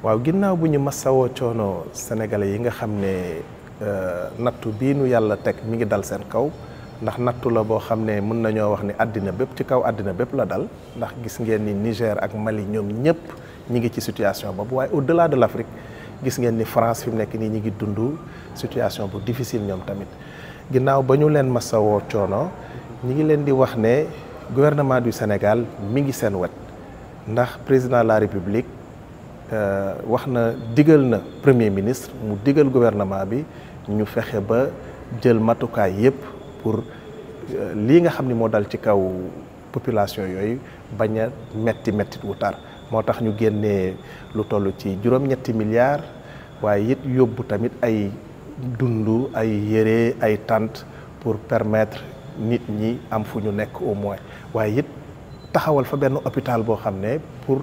waaw ginnaaw bu ñu masawoo coono sénégalais yi nga xam ne euh, nattu bii nu yàlla teg mu ngi dal seen kaw ndax nattu la boo xam ne mën nañoo wax ni àddina bépp ci kaw àddina bépp la dal ndax gis ngeen ni Niger ak Mali ñoom ñëpp ñi ngi ci situation boobu waaye au delà de l' Afrique gis ngeen ni France fi mu nekk nii ñi ngi dund situation bu difficile ñoom tamit ginnaaw ba ñu leen masawoo coono ñi ngi leen di wax ne gouvernement du Sénégal mi ngi seen wet ndax président la République Eh, wax digal na premier ministre mu digal gouvernement bi ñu fexe ba jël matukaay yépp pour eh, lii nga xam ni moo dal ci kaw population yooyu bañ a metti mettit wu tar moo tax ñu génnee lu toll ci juróom-ñetti milliards waaye it yóbbu tamit ay dund ay yére ay tante pour permettre nit ñi am fu ñu au moins taxawal fa hôpital ne pour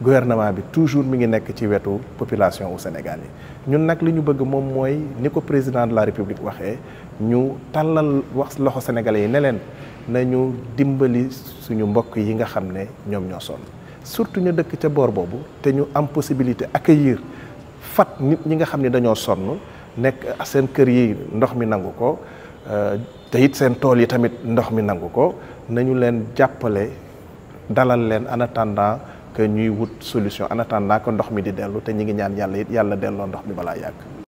gouvernement bi toujours mi ngi nekk ci wetu population au Sénégal yi ñun nag li ñu bëgg moom mooy ni ko président de la République waxee ñu tàllal wax loxo sénégal yi ne leen ñu dimbali suñu mbokk yi nga xam ne ñoom ñoo sonn surtout ñu dëkk ca boor boobu te ñu am possibilité yiir fat nit ñi nga xam ne dañoo sonn nekk seen kër yi ndox mi nangu ko euh, te it seen tool yi tamit ndox mi nangu ko nañu leen jàppale dalal leen en attendant que ñuy wut solution en attendant que ndox mi di dellu te ñi ngi ñaan yàlla it yàlla delloo ndox mi balaa yàgg